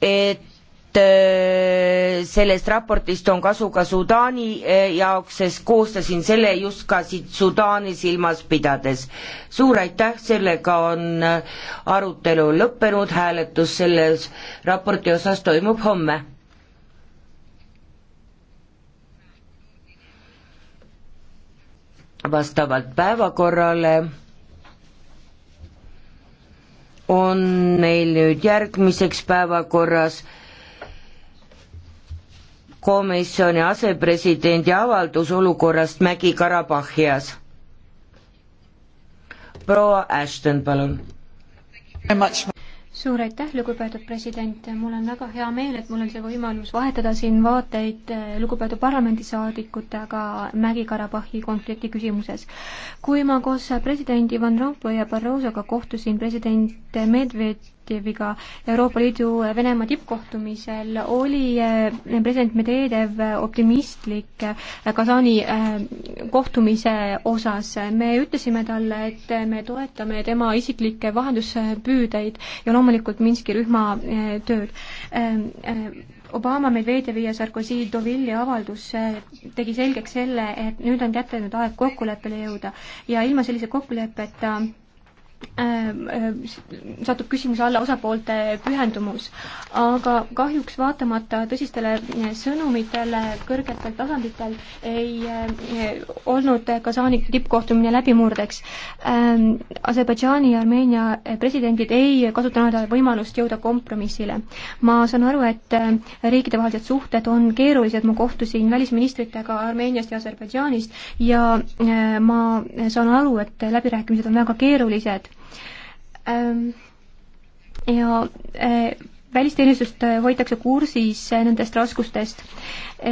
et äh, sellest raportist on kasu ka Sudaani äh, jaoks, sest koostasin selle just ka siit Sudaani silmas pidades. suur aitäh, sellega on äh, arutelu lõppenud, hääletus selles raporti osas toimub homme. vastavalt päevakorrale on meil nüüd järgmiseks päevakorras komisjoni asepresidendi avaldus olukorrast Mägi-Karabahhias. proua Ashton, palun suur aitäh, lugupeetud president, mul on väga hea meel, et mul on see võimalus vahetada siin vaateid eh, lugupeetud parlamendisaadikutega Mägi-Karabahhi konflikti küsimuses. kui ma koos presidendi Van Rompuy ja Barrosoga kohtusin president Medved direktiiviga Euroopa Liidu Venemaa tippkohtumisel oli eh, president Medvedev optimistlik eh, Kasani eh, kohtumise osas. me ütlesime talle, et me toetame tema isiklikke vahenduspüüdeid ja loomulikult Minski rühma tööd. Obama, Medvedjevi ja Sarkozy Deauville'i avaldus tegi selgeks selle, et nüüd on kätte nüüd aeg kokkuleppele jõuda ja ilma sellise kokkuleppeta äh, Ehm, ehm, satub küsimuse alla osapoolte pühendumus. aga kahjuks vaatamata tõsistele eh, sõnumitele kõrgetel tasanditel ei eh, olnud Kasani tippkohtumine läbimurdeks. Ehm, Aserbaidžaani ja Armeenia presidendid ei kasutanud võimalust jõuda kompromissile. ma saan aru, et eh, riikidevahelised suhted on keerulised, ma kohtusin välisministritega Armeeniast ja Aserbaidžaanist ja ma saan aru, et läbirääkimised on väga keerulised Ehm, ja eh, välisteenistust eh, hoitakse kursis eh, nendest raskustest.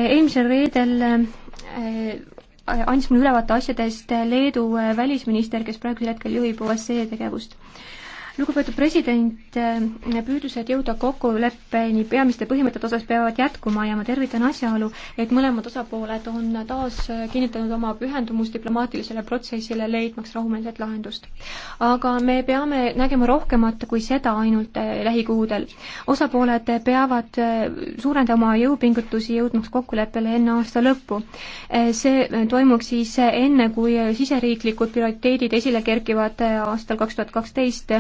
eelmisel reedel andis mulle ülevaate asjadest Leedu välisminister, kes praegusel hetkel juhib OSCE tegevust lugupeetud president, äh, püüdlused jõuda kokkuleppeni peamiste põhimõtete osas peavad jätkuma ja ma tervitan asjaolu, et mõlemad osapooled on taas kinnitanud oma pühendumust diplomaatilisele protsessile, leidmaks rahumeelset lahendust. aga me peame nägema rohkemat kui seda ainult äh, lähikuudel. osapooled peavad äh, suurendama jõupingutusi, jõudmaks kokkuleppele enne aasta lõppu. see toimuks siis enne, kui siseriiklikud prioriteedid esile kerkivad aastal kaks tuhat kaksteist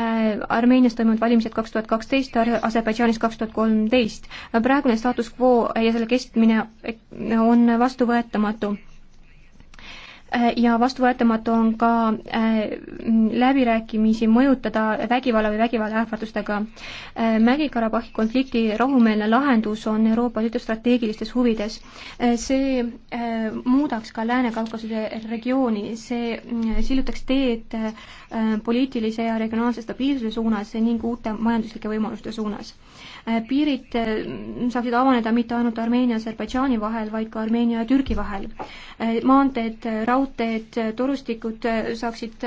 Äh, Armeenias toimunud valimised kaks tuhat kaksteist, Aserbaidžaanis kaks tuhat kolmteist. praegune staatus quo ja selle kestmine eh, on vastuvõetamatu Äh, ja vastuvõetamatu on ka äh, läbirääkimisi mõjutada vägivalla või vägivallaähvardustega. Äh, Mägi-Karabahhi konflikti rahumeelne lahendus on Euroopa Liidu strateegilistes huvides. see muudaks ka Lääne-Kaukasuse regiooni, see mm, sillutaks teed poliitilise ja regionaalse stabiilsuse suunas ning uute majanduslike võimaluste suunas Äh, piirid äh, saaksid avaneda mitte ainult Armeenia ja Aserbaidžaani vahel, vaid ka Armeenia ja Türgi vahel. Äh, maanteed, raudteed, torustikud saaksid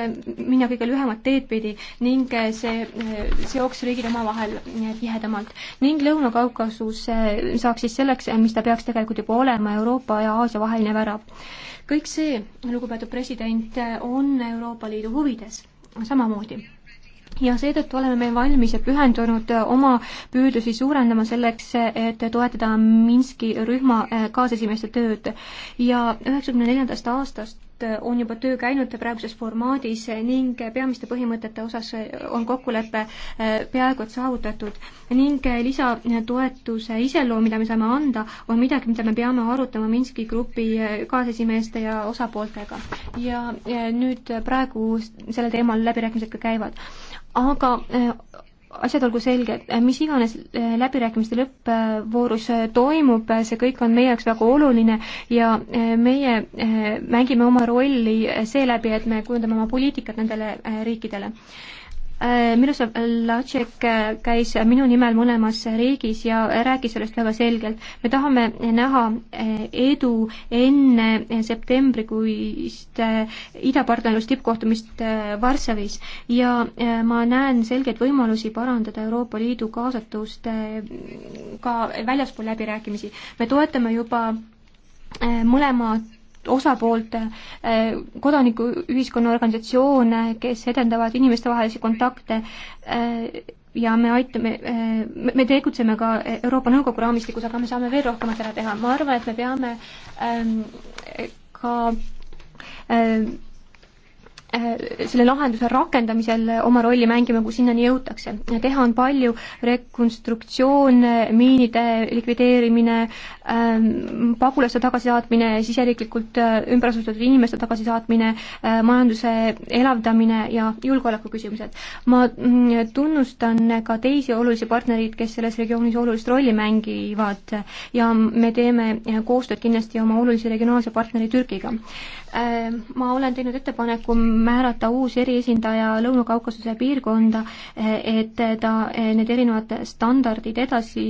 minna kõige lühemat teed pidi ning see seoks riigid omavahel tihedamalt. ning Lõuna-Kaukasus saaks siis selleks, mis ta peaks tegelikult juba olema, Euroopa ja Aasia vaheline värav. kõik see, lugupeetud president, on Euroopa Liidu huvides samamoodi ja seetõttu oleme me valmis ja pühendunud äh, oma püüdlusi suurendama selleks, äh, et toetada Minski rühma äh, kaasesimeeste tööd. ja üheksakümne neljandast aastast osalt on juba töö käinud praeguses formaadis ning peamiste põhimõtete osas on kokkulepe eh, peaaegu et saavutatud. ning lisatoetuse iseloom, mida me saame anda, on midagi, mida me peame arutama Minski grupi eh, kaasesimeeste ja osapooltega. ja eh, nüüd praegu sellel teemal läbirääkimised ka käivad. aga asjad olgu selged, mis iganes eh, läbirääkimiste lõppvoorus eh, toimub, eh, see kõik on meie jaoks väga oluline ja meie mängime oma rolli seeläbi, et me kujundame oma poliitikat nendele riikidele Äh, Miroslav Lacek äh, käis minu nimel mõlemas riigis ja rääkis sellest väga selgelt. me tahame näha äh, edu enne septembrikuist idapartnerlus tippkohtumist Varssavis ja ma näen selgeid võimalusi parandada Euroopa Liidu kaasatust ka väljaspool läbirääkimisi. me toetame juba mõlemat osapoolte, eh, kodanikuühiskonna organisatsioone, kes edendavad inimestevahelisi kontakte eh, ja me aitame, eh, me tegutseme ka Euroopa Nõukogu raamistikus, aga me saame veel rohkemat ära teha, ma arvan, et me peame ehm, ka ehm, Äh, selle lahenduse rakendamisel oma rolli mängima, kui sinnani jõutakse. teha on palju, rekonstruktsioon, miinide likvideerimine, ähm, pagulaste tagasisaatmine, siseriiklikult äh, ümber asustatud inimeste tagasisaatmine, äh, majanduse elavdamine ja julgeoleku küsimused. ma mm, tunnustan ka teisi olulisi partnereid, kes selles regioonis olulist rolli mängivad ja me teeme koostööd kindlasti oma olulise regionaalse partneri Türgiga. Äh, ma olen teinud ettepaneku määrata uus eriesindaja Lõuna-Kaukasuse piirkonda, äh, et ta äh, need erinevad standardid edasi,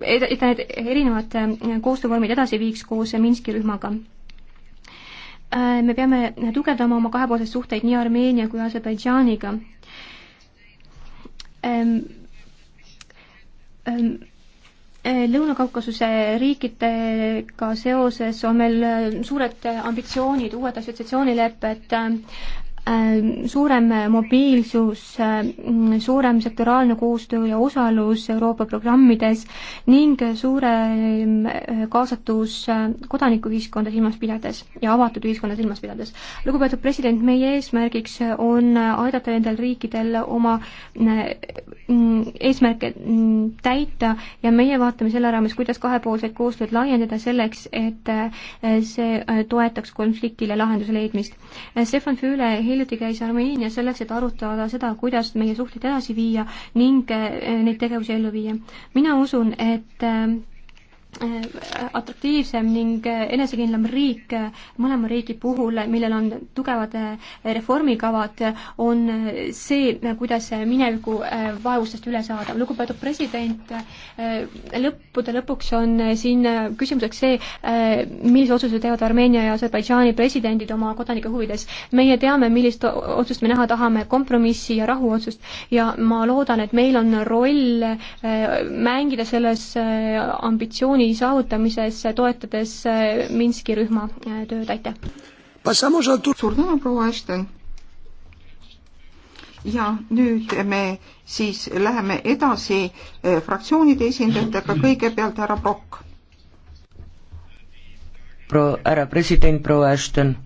et ta need erinevad koostöövormid edasi viiks koos Minski rühmaga me peame tugevdama oma kahepoolseid suhteid nii Armeenia kui Aserbaidžaaniga. Lõuna-Kaukasuse riikidega seoses on meil äh, suured äh, ambitsioonid, uued assotsiatsioonilepped, äh, suurem mobiilsus, suurem sektoraalne koostöö ja osalus Euroopa programmides ning suurem kaasatus kodanikuühiskonda silmas pidades ja avatud ühiskonda silmas pidades. lugupeetud president, meie eesmärgiks on aidata nendel riikidel oma Mm, eesmärke mm, täita ja meie vaatame selle raames, kuidas kahepoolset koostööd laiendada selleks, et äh, see äh, toetaks konfliktile lahenduse leidmist. Äh, Stefan Füüle hiljuti käis Armeenias selleks, et arutada seda, kuidas meie suhteid edasi viia ning neid tegevusi ellu viia. mina usun, et Äh, atraktiivsem ning äh, enesekindlam riik äh, mõlema riigi puhul, millel on tugevad reformikavad, on see, kuidas mineviku vaevustest üle saada. lugupeetud president, lõppude lõpuks on siin küsimuseks see, millise otsuse teevad Armeenia ja Aserbaidžaani presidendid oma kodanike huvides. meie teame, millist otsust me näha tahame, kompromissi ja rahuotsust, ja ma loodan, et meil on roll mängida selles ambitsioonis rahu saavutamises, toetades äh, Minski rühma äh, tööd, aitäh! suur tänu, proua Ashton! ja nüüd me siis läheme edasi äh, fraktsioonide esindajatega, kõigepealt härra Brock. pro-, härra president, proua Ashton,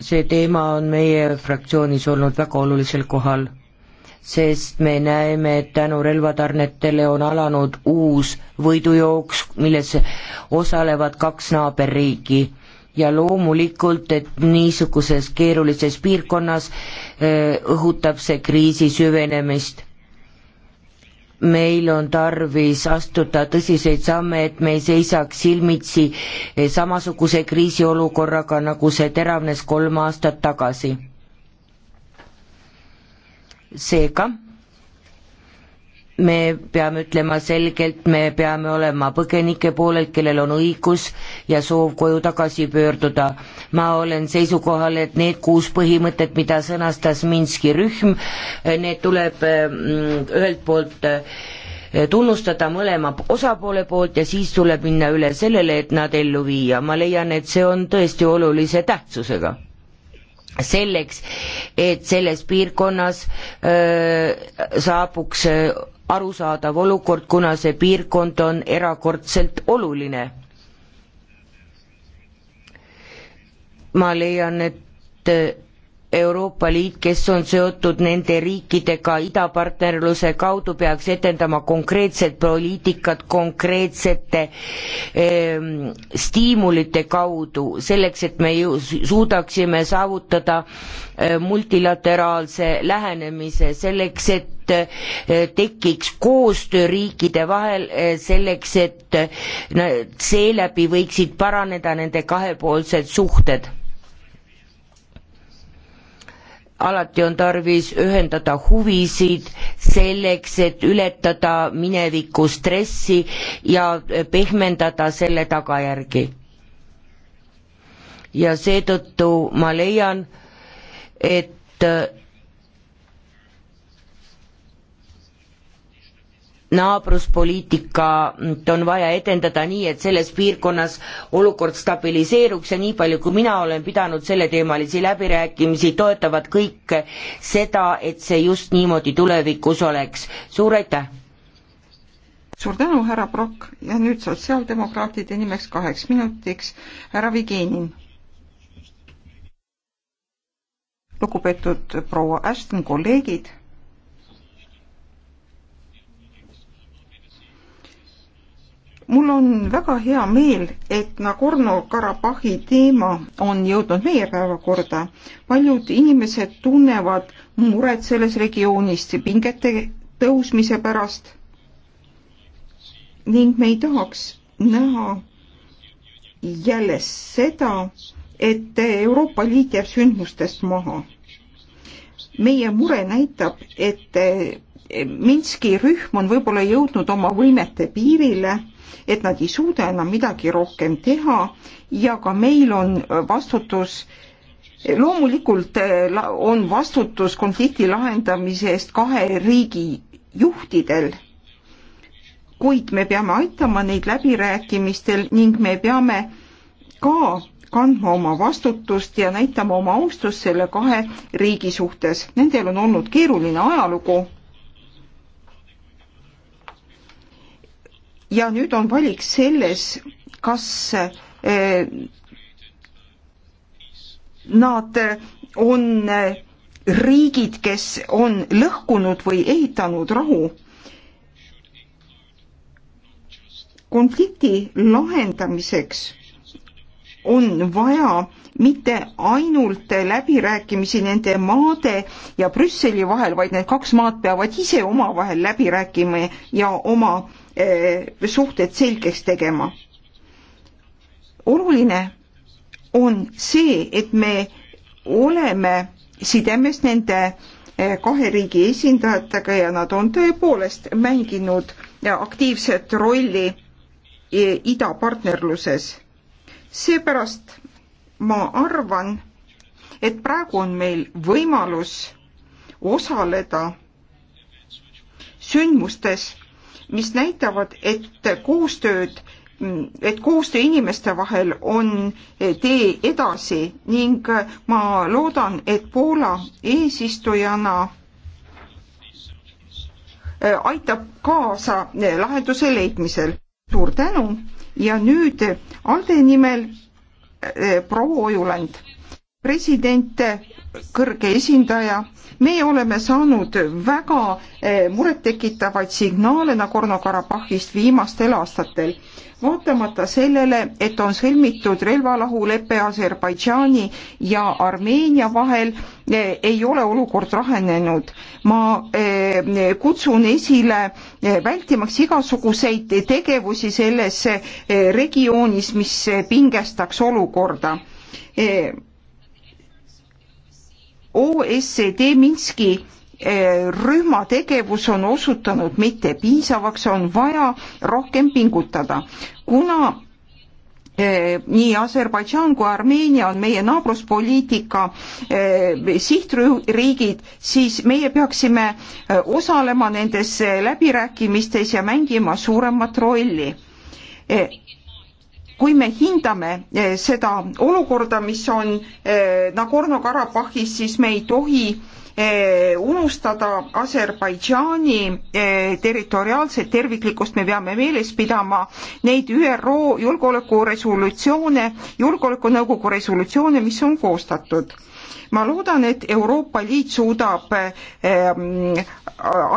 see teema on meie fraktsioonis olnud väga olulisel kohal sest me näeme, et tänu relvatarnetele on alanud uus võidujooks, milles osalevad kaks naaberriiki. ja loomulikult, et niisuguses keerulises piirkonnas äh, õhutab see kriisi süvenemist meil on tarvis astuda tõsiseid samme, et me ei seisaks silmitsi äh, samasuguse kriisiolukorraga, nagu see teravnes kolm aastat tagasi seega me peame ütlema selgelt, me peame olema põgenike poolel, kellel on õigus ja soov koju tagasi pöörduda. ma olen seisukohal, et need kuus põhimõtet, mida sõnastas Minski rühm, need tuleb mm, ühelt poolt eh, tunnustada mõlema osapoole poolt ja siis tuleb minna üle sellele, et nad ellu viia. ma leian, et see on tõesti olulise tähtsusega selleks, et selles piirkonnas öö, äh, saabuks äh, arusaadav olukord, kuna see piirkond on erakordselt oluline. ma leian, et äh, Euroopa Liit, kes on seotud nende riikidega idapartnerluse kaudu, peaks etendama konkreetset poliitikat konkreetsete ehm, stiimulite kaudu, selleks et me ju suudaksime saavutada eh, multilateraalse lähenemise, selleks et eh, tekiks koostöö riikide vahel eh, selleks, et seeläbi võiksid paraneda nende kahepoolsed suhted alati on tarvis ühendada huvisid selleks, et ületada mineviku stressi ja pehmendada selle tagajärgi. ja seetõttu ma leian, et naabruspoliitikat on vaja edendada nii, et selles piirkonnas olukord stabiliseeruks ja nii palju, kui mina olen pidanud selleteemalisi läbirääkimisi, toetavad kõik seda, et see just niimoodi tulevikus oleks. suur aitäh! suur tänu, härra Brock ja nüüd sotsiaaldemokraatide nimeks kaheks minutiks härra Vigenin. lugupeetud proua Ashton, kolleegid mul on väga hea meel, et Nagorno-Karabahhi teema on jõudnud meie päevakorda. paljud inimesed tunnevad muret selles regioonis pingete tõusmise pärast ning me ei tahaks näha jälle seda, et Euroopa Liit jääb sündmustest maha. meie mure näitab, et Minski rühm on võib-olla jõudnud oma võimete piirile et nad ei suuda enam midagi rohkem teha ja ka meil on vastutus loomulikult äh, on vastutus konflikti lahendamise eest kahe riigi juhtidel, kuid me peame aitama neid läbirääkimistel ning me peame ka kandma oma vastutust ja näitama oma austust selle kahe riigi suhtes. Nendel on olnud keeruline ajalugu ja nüüd on valik selles, kas eh, nad on eh, riigid, kes on lõhkunud või ehitanud rahu. konflikti lahendamiseks on vaja mitte ainult läbirääkimisi nende maade ja Brüsseli vahel, vaid need kaks maad peavad ise omavahel läbi rääkima ja oma Eh, suhted selgeks tegema. oluline on see, et me oleme sidemes nende eh, kahe riigi esindajatega ja nad on tõepoolest mänginud eh, aktiivset rolli idapartnerluses. seepärast ma arvan, et praegu on meil võimalus osaleda sündmustes, mis näitavad, et koostööd, et koostöö inimeste vahel on tee edasi ning ma loodan, et Poola eesistujana äh, aitab kaasa lahenduse leidmisel. suur tänu ja nüüd ALDE nimel äh, proua Ojuland. president kõrge esindaja, me oleme saanud väga eh, murettekitavaid signaale Nagorno-Karabahhist viimastel aastatel. vaatamata sellele, et on sõlmitud relvalahulepe Aserbaidžaani ja Armeenia vahel, eh, ei ole olukord rahenenud. ma eh, kutsun esile vältimaks igasuguseid tegevusi selles regioonis, mis pingestaks olukorda OSCD Minski eh, rühma tegevus on osutunud mitte piisavaks, on vaja rohkem pingutada. kuna eh, nii Aserbaidžaan kui Armeenia on meie naabruspoliitika eh, sihtriigid, siis meie peaksime osalema nendes läbirääkimistes ja mängima suuremat rolli kui me hindame eh, seda olukorda, mis on eh, Nagorno-Karabahhis, siis me ei tohi eh, unustada Aserbaidžaani territoriaalset terviklikkust, me peame meeles pidama neid ÜRO julgeolekuresolutsioone, julgeolekunõukogu resolutsioone, mis on koostatud ma loodan, et Euroopa Liit suudab ehm,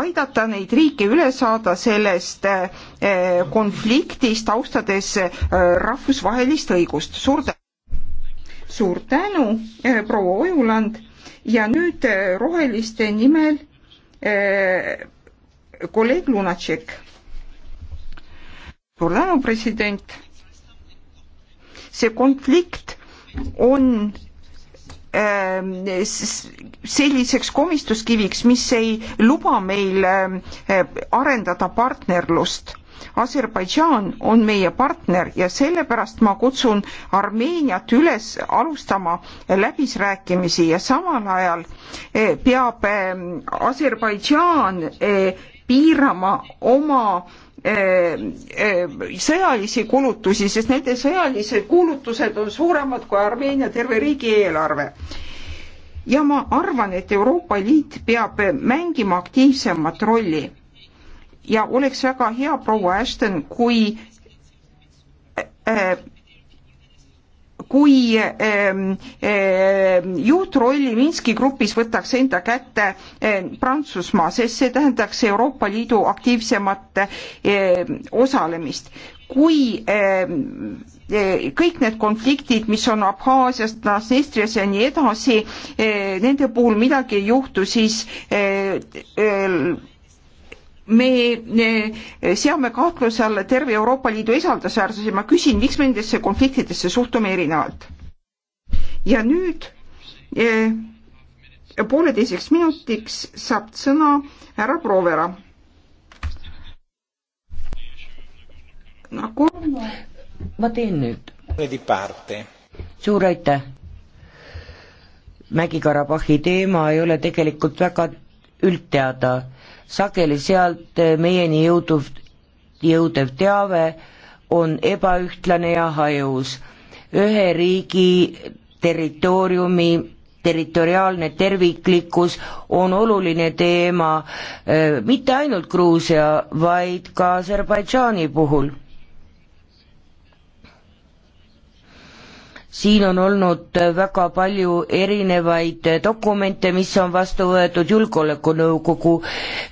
aidata neid riike üle saada sellest eh, konfliktist, austades eh, rahvusvahelist õigust. suur tänu! suur tänu, eh, proua Ojuland ja nüüd roheliste nimel kolleeg Lunatšek. suur tänu, president. see konflikt on Ähm, selliseks komistuskiviks, mis ei luba meil ähm, äh, arendada partnerlust. Aserbaidžaan on meie partner ja sellepärast ma kutsun Armeeniat üles alustama läbisrääkimisi ja samal ajal äh, peab ähm, Aserbaidžaan äh, piirama oma Äh, äh, sõjalisi kulutusi, sest nende sõjalised kulutused on suuremad kui Armeenia terve riigieelarve. ja ma arvan, et Euroopa Liit peab mängima aktiivsemat rolli. ja oleks väga hea, proua Ashton, kui äh, kui ehm, ehm, juhtrolli Minski grupis võtaks enda kätte ehm, Prantsusmaa, sest see tähendaks Euroopa Liidu aktiivsemat osalemist kui e, kõik need konfliktid, mis on Abhaasias, Transnistrias ja nii edasi, e, nende puhul midagi ei juhtu, siis e, me seame kahtluse alla terve Euroopa Liidu esaldusväärsuse, ma küsin, miks me nendesse konfliktidesse suhtume erinevalt? ja nüüd eh, pooleteiseks minutiks saab sõna härra Provera. nagu ma teen nüüd. suur aitäh. Mägi-Karabahhi teema ei ole tegelikult väga üldteada. sageli sealt eh, meieni jõuduv, jõudev teave on ebaühtlane ja hajus. ühe riigi territooriumi territoriaalne terviklikkus on oluline teema eh, mitte ainult Gruusia, vaid ka Aserbaidžaani puhul siin on olnud väga palju erinevaid dokumente, mis on vastu võetud, Julgeolekunõukogu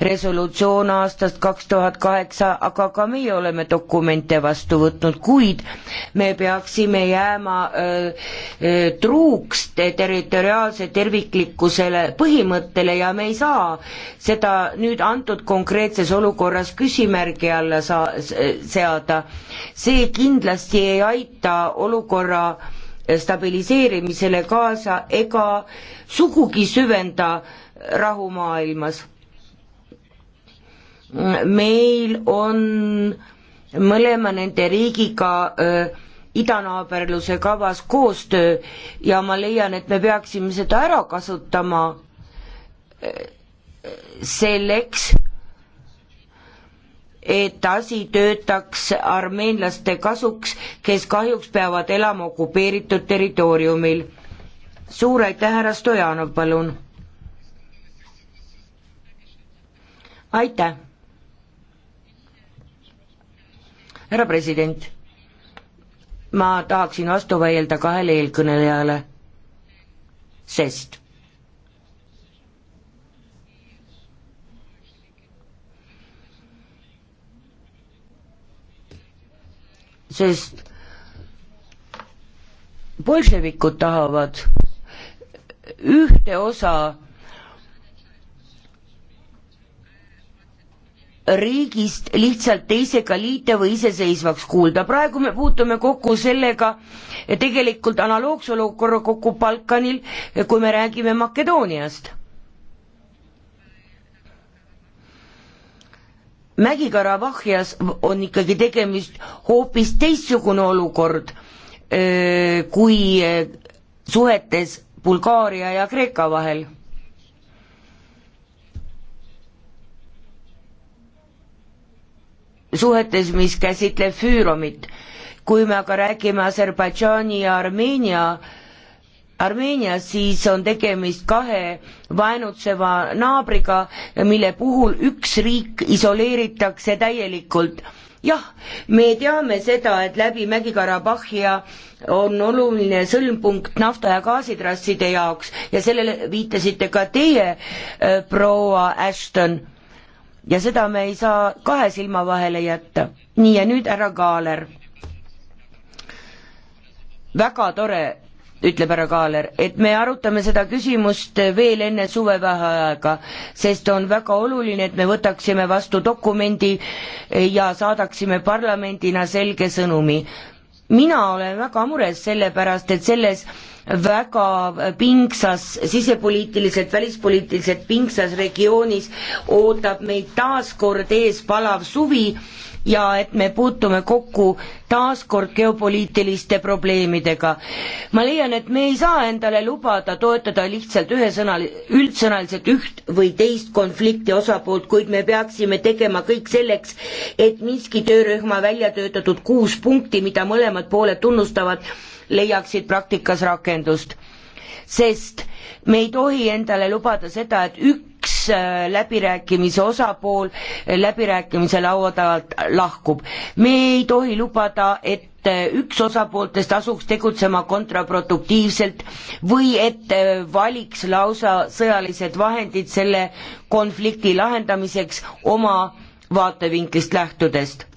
resolutsioon aastast kaks tuhat kaheksa, aga ka meie oleme dokumente vastu võtnud, kuid me peaksime jääma äh, äh, truuks territoriaalse terviklikkusele põhimõttele ja me ei saa seda nüüd antud konkreetses olukorras küsimärgi alla saa-, seada. see kindlasti ei aita olukorra stabiliseerimisele kaasa ega sugugi süvenda rahu maailmas. meil on mõlema nende riigiga äh, idanaaberluse kavas koostöö ja ma leian, et me peaksime seda ära kasutama äh, selleks, et asi töötaks armeenlaste kasuks, kes kahjuks peavad elama okupeeritud territooriumil. suur aitäh, härra Stojanov, palun. aitäh. härra president, ma tahaksin vastu vaielda kahele eelkõnelejale, sest sest bolševikud tahavad ühte osa riigist lihtsalt teisega liita või iseseisvaks kuulda. praegu me puutume kokku sellega tegelikult analoogse olukorra kokku Balkanil, kui me räägime Makedooniast Mägi-Karabahhias on ikkagi tegemist hoopis teistsugune olukord kui suhetes Bulgaaria ja Kreeka vahel. suhetes, mis käsitleb Füüromit. kui me aga räägime Aserbaidžaani ja Armeenia äh, Armeenias, siis on tegemist kahe vaenutseva naabriga, mille puhul üks riik isoleeritakse täielikult. jah, me teame seda, et läbi Mägi-Karabahhia on oluline sõlmpunkt nafta- ja gaasitrasside jaoks ja sellele viitasite ka teie, äh, proua Ashton. ja seda me ei saa kahe silma vahele jätta. nii, ja nüüd härra Kaaler. väga tore ütleb härra Kaaler, et me arutame seda küsimust veel enne suvevaheaega, sest on väga oluline, et me võtaksime vastu dokumendi ja saadaksime parlamendina selge sõnumi. mina olen väga mures sellepärast, et selles väga pingsas, sisepoliitiliselt, välispoliitiliselt pingsas regioonis ootab meid taas kord ees palav suvi ja et me puutume kokku taaskord geopoliitiliste probleemidega. ma leian, et me ei saa endale lubada toetada lihtsalt ühesõnal-, üldsõnaliselt üht või teist konflikti osapoolt, kuid me peaksime tegema kõik selleks, et Minski töörühma välja töötatud kuus punkti, mida mõlemad pooled tunnustavad, leiaksid praktikas rakendust. sest me ei tohi endale lubada seda, et ük-, üks äh, läbirääkimise osapool äh, läbirääkimise laua tagant lahkub. me ei tohi lubada, et äh, üks osapooltest asuks tegutsema kontraproduktiivselt või et valiks lausa sõjalised vahendid selle konflikti lahendamiseks oma vaatevinklist lähtudest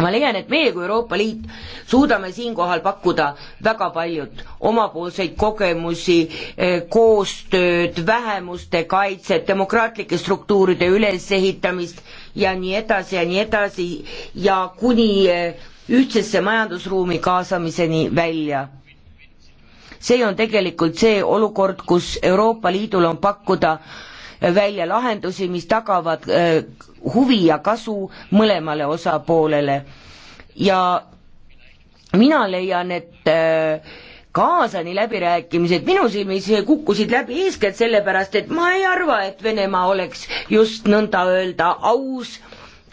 ma leian, et meie kui Euroopa Liit suudame siinkohal pakkuda väga paljut omapoolseid kogemusi, eh, koostööd, vähemuste kaitset, demokraatlike struktuuride ülesehitamist ja nii edasi ja nii edasi ja kuni eh, ühtsesse majandusruumi kaasamiseni välja. see on tegelikult see olukord, kus Euroopa Liidul on pakkuda välja lahendusi, mis tagavad äh, huvi ja kasu mõlemale osapoolele. ja mina leian, et äh, Kaasani läbirääkimised minu silmis kukkusid läbi eeskätt sellepärast, et ma ei arva, et Venemaa oleks just nõnda öelda aus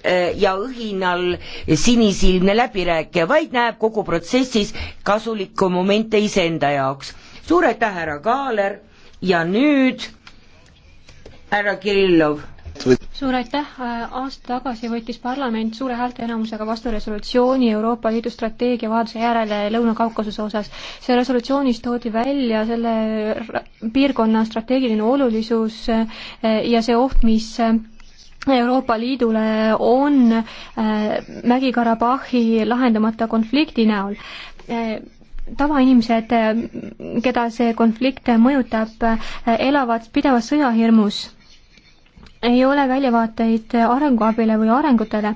äh, ja õhinal sinisilmne läbirääkija, vaid näeb kogu protsessis kasulikku momente iseenda jaoks. suur aitäh, härra Kaaler ja nüüd härra Kirillov suur aitäh, aasta tagasi võttis parlament suure häälteenamusega vastu resolutsiooni Euroopa Liidu strateegia vajaduse järele Lõuna-Kaukasuse osas. see resolutsioonis toodi välja selle piirkonna strateegiline olulisus eh, ja see oht, mis eh, Euroopa Liidule on eh, Mägi-Karabahhi lahendamata konflikti näol tavainimesed, keda see konflikt mõjutab, elavad pidevas sõjahirmus ei ole väljavaateid arenguabile või arengutele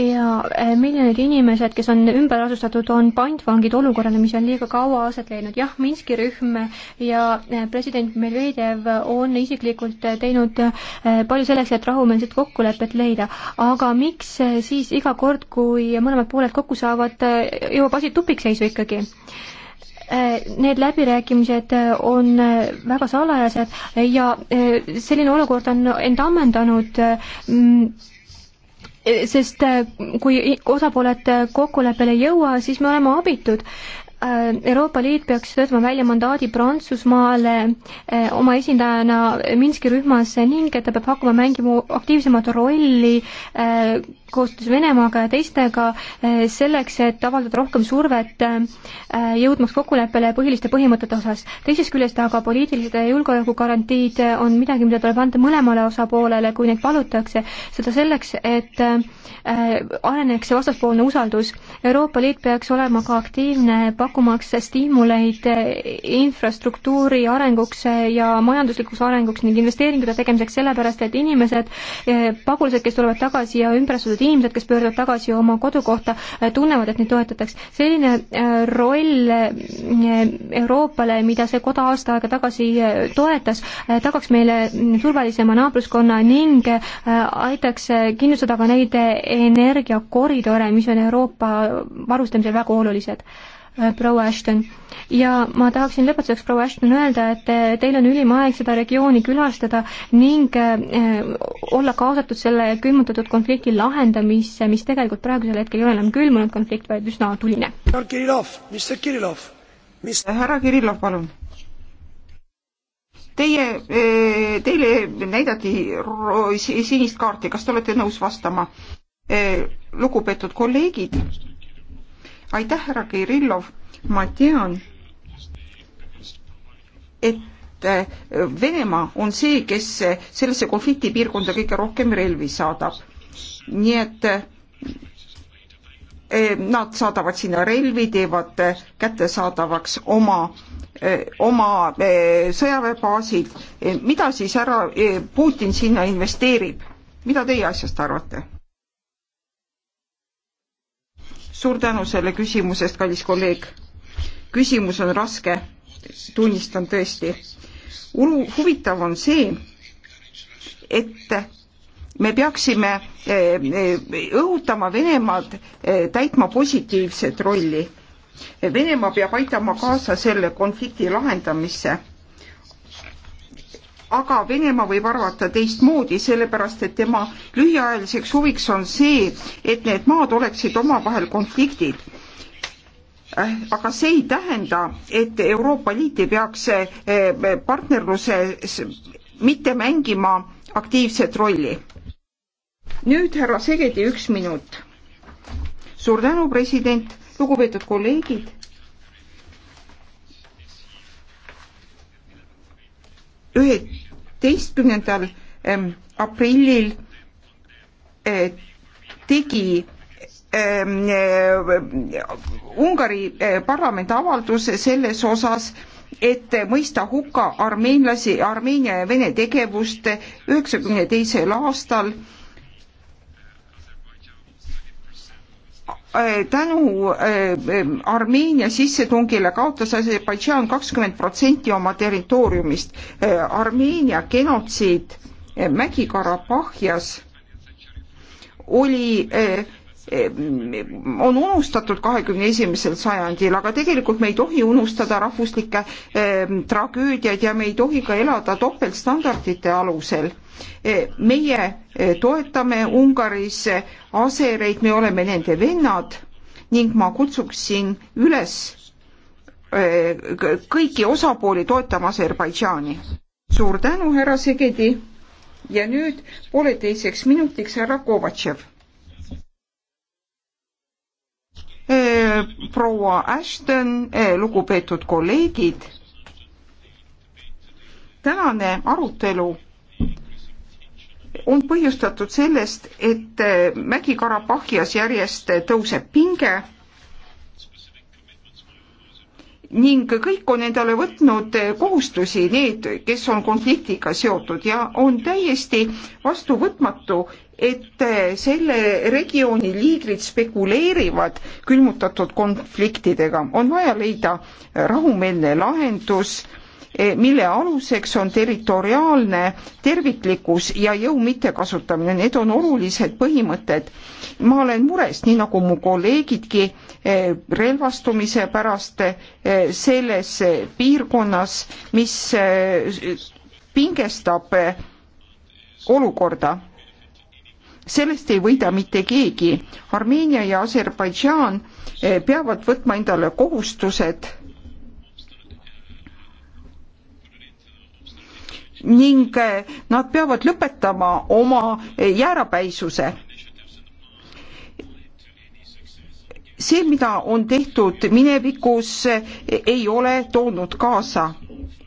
ja eh, miljonid inimesed, kes on ümber asustatud, on pantvangid olukorrale, mis on liiga kaua aset leidnud. jah, Minski rühm ja eh, president Medvedev on isiklikult teinud eh, palju selleks, et rahumeelset kokkulepet leida, aga miks siis iga kord, kui mõlemad pooled kokku saavad, jõuab asi tupikseisu ikkagi? Äh, need läbirääkimised äh, on äh, väga salajased ja selline olukord on end ammendanud mm, sest kui osapooled kokkuleppele ei jõua, siis me oleme abitud. Euroopa Liit peaks töötama välja mandaadi Prantsusmaale oma esindajana Minski rühmas ning ta peab hakkama mängima aktiivsemat rolli koostöös Venemaaga ja teistega eh, selleks, et avaldada rohkem survet eh, jõudmaks kokkuleppele põhiliste põhimõtete osas. teisest küljest aga poliitilised julgeolekugarantiid eh, on midagi, mida tuleb anda mõlemale osapoolele, kui neid palutakse, seda selleks, et areneks see vastaspoolne usaldus. Euroopa Liit peaks olema ka aktiivne, pakkumaks stiimuleid infrastruktuuri arenguks ja majanduslikuks arenguks ning investeeringute tegemiseks, sellepärast et inimesed, pagulased, kes tulevad tagasi ja ümber ümberasutud inimesed, kes pöörduvad tagasi oma kodukohta, äh, tunnevad, et neid toetatakse. selline äh, roll äh, Euroopale, mida see koda aasta aega tagasi toetas, tagaks meile mm, turvalisema naabruskonna ning aitaks kindlustada ka neid energiakoridore, mis on Euroopa varustamisel väga olulised Äh, proua Ashton. ja ma tahaksin lõpetuseks, proua Ashton, öelda, et äh, teil on ülim aeg seda regiooni külastada ning äh, olla kaasatud selle külmutatud konflikti lahendamisse, mis tegelikult praegusel hetkel ei ole enam külmunud konflikt, vaid üsna tuline. härra Kirillov, palun Teie, teile näidati sinist kaarti, kas te olete nõus vastama? lugupeetud kolleegid aitäh, härra Kirillov, ma tean, et äh, Venemaa on see, kes äh, sellesse konfliktipiirkonda kõige rohkem relvi saadab. nii et äh, nad saadavad sinna relvi, teevad kättesaadavaks oma, oma sõjaväebaasid. mida siis härra Putin sinna investeerib? mida teie asjast arvate? suur tänu selle küsimuse eest, kallis kolleeg. küsimus on raske, tunnistan tõesti. huvitav on see, et me peaksime eh, õhutama Venemaad eh, täitma positiivset rolli. Venemaa peab aitama kaasa selle konflikti lahendamisse aga Venemaa võib arvata teistmoodi, sellepärast et tema lühiajaliseks huviks on see, et need maad oleksid omavahel konfliktid. Äh, aga see ei tähenda, et Euroopa Liit ei peaks äh, partnerluses mitte mängima aktiivset rolli. nüüd härra Segedi üks minut. suur tänu, president, lugupeetud kolleegid üheteistkümnendal ähm, aprillil äh, tegi ähm, äh, Ungari äh, parlament avalduse selles osas, et mõista hukka armeenlasi, Armeenia ja Vene tegevust üheksakümne teisel aastal Eh, tänu eh, eh, Armeenia sissetungile kaotas Aserbaidžaan kakskümmend protsenti oma territooriumist. Armeenia genotsiid Mägi-Karabahhias oli Eh, on unustatud kahekümne esimesel sajandil, aga tegelikult me ei tohi unustada rahvuslikke eh, tragöödiaid ja me ei tohi ka elada topeltstandardite alusel. Eh, meie toetame Ungaris asereid, me oleme nende vennad ning ma kutsuksin üles kõiki osapooli toetama Aserbaidžaani. suur tänu, härra Segedi ja nüüd pooleteiseks minutiks härra Kovatšev proua Ashton, lugupeetud kolleegid. tänane arutelu on põhjustatud sellest, et Mägi-Karabahhias järjest tõuseb pinge ning kõik on endale võtnud kohustusi, need, kes on konfliktiga seotud ja on täiesti vastuvõtmatu, et selle regiooni liidrid spekuleerivad külmutatud konfliktidega. on vaja leida rahumeelne lahendus, eh, mille aluseks on territoriaalne terviklikkus ja jõu mittekasutamine. Need on olulised põhimõtted. ma olen mures, nii nagu mu kolleegidki, eh, relvastumise pärast eh, selles piirkonnas, mis pingestab olukorda sellest ei võida mitte keegi. Armeenia ja Aserbaidžaan eh, peavad võtma endale kohustused ning eh, nad peavad lõpetama oma eh, jäärapäisuse see, mida on tehtud minevikus, ei ole toonud kaasa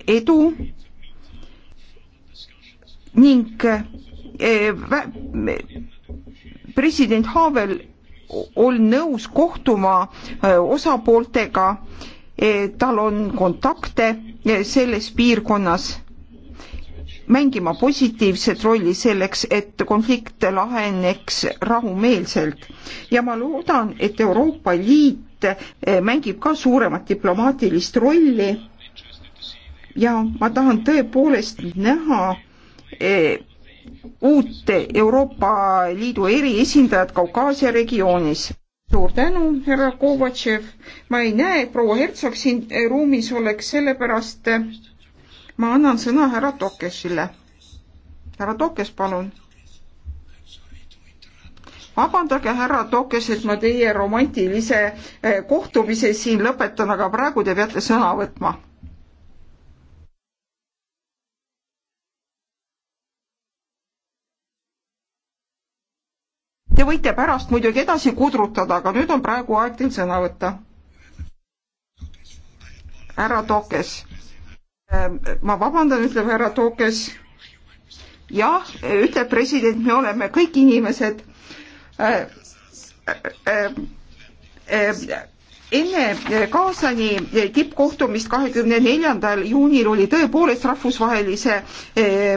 edu ning president Havel on nõus kohtuma äh, osapooltega, äh, tal on kontakte äh, selles piirkonnas, mängima positiivset rolli selleks, et konflikt laheneks rahumeelselt. ja ma loodan, et Euroopa Liit mängib ka suuremat diplomaatilist rolli ja ma tahan tõepoolest näha uut Euroopa Liidu eriesindajat Kaukaasia regioonis. suur tänu, härra Kovatšev. ma ei näe, et proua Hertsog siin ruumis oleks, sellepärast äh, ma annan sõna härra Tokesile. härra Tokes, palun vabandage, härra Tokes, et ma teie romantilise äh, kohtumise siin lõpetan, aga praegu te peate sõna võtma Te võite pärast muidugi edasi kudrutada, aga nüüd on praegu aeg teil sõna võtta. härra Tokes. Ehm, ma vabandan, ütleb härra Tokes. jah, ütleb president, me oleme kõik inimesed äh,. Äh, äh, enne eh, Kaasani eh, tippkohtumist kahekümne neljandal juunil oli tõepoolest rahvusvahelise eh,